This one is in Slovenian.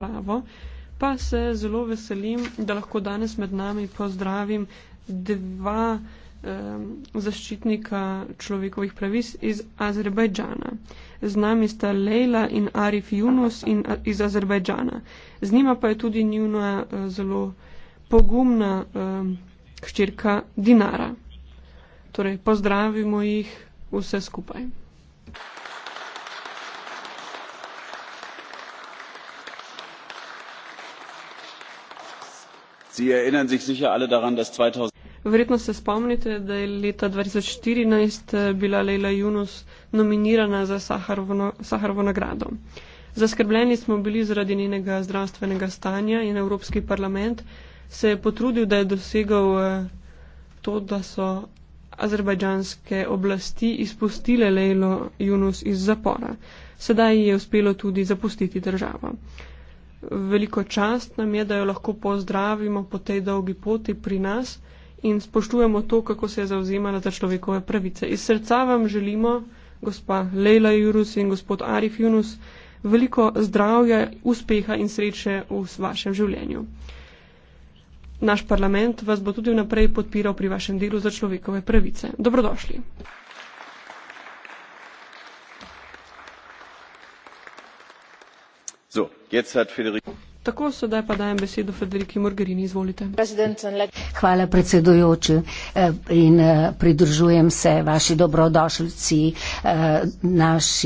glavo. Pa se zelo veselim, da lahko danes med nami pozdravim dva eh, zaščitnika človekovih pravic iz Azerbajdžana. Z nami sta Leila in Arif Yunus in, iz Azerbajdžana. Z njima pa je tudi njuna eh, zelo pogumna eh, ščirka Dinara. Torej, pozdravimo jih vse skupaj. Sie erinnern sich sicher alle daran, dass 2000 Verjetno se spomnite, da je leta 2014 eh, bila Leila Junus nominirana za Saharovo nagrado. Zaskrbljeni smo bili zaradi njenega zdravstvenega stanja in Evropski parlament se je potrudil, da je dosegal eh, to, da so azerbajdžanske oblasti izpustile Leilo Junus iz zapora. Sedaj ji je uspelo tudi zapustiti državo. Veliko čast nam je, da jo lahko pozdravimo po tej dolgi poti pri nas in spoštujemo to, kako se je zauzemala za človekove pravice. Iz srca vam želimo, gospa Leila Jurus in gospod Arif Junus, veliko zdravja, uspeha in sreče v vašem življenju. Naš parlament vas bo tudi vnaprej podpiral pri vašem delu za človekove pravice. Dobrodošli. Tako, sedaj pa dajem besedo Federiki Morgerini, izvolite. Hvala predsedujoči e, in e, pridružujem se vaši dobrodošljici, e, naši.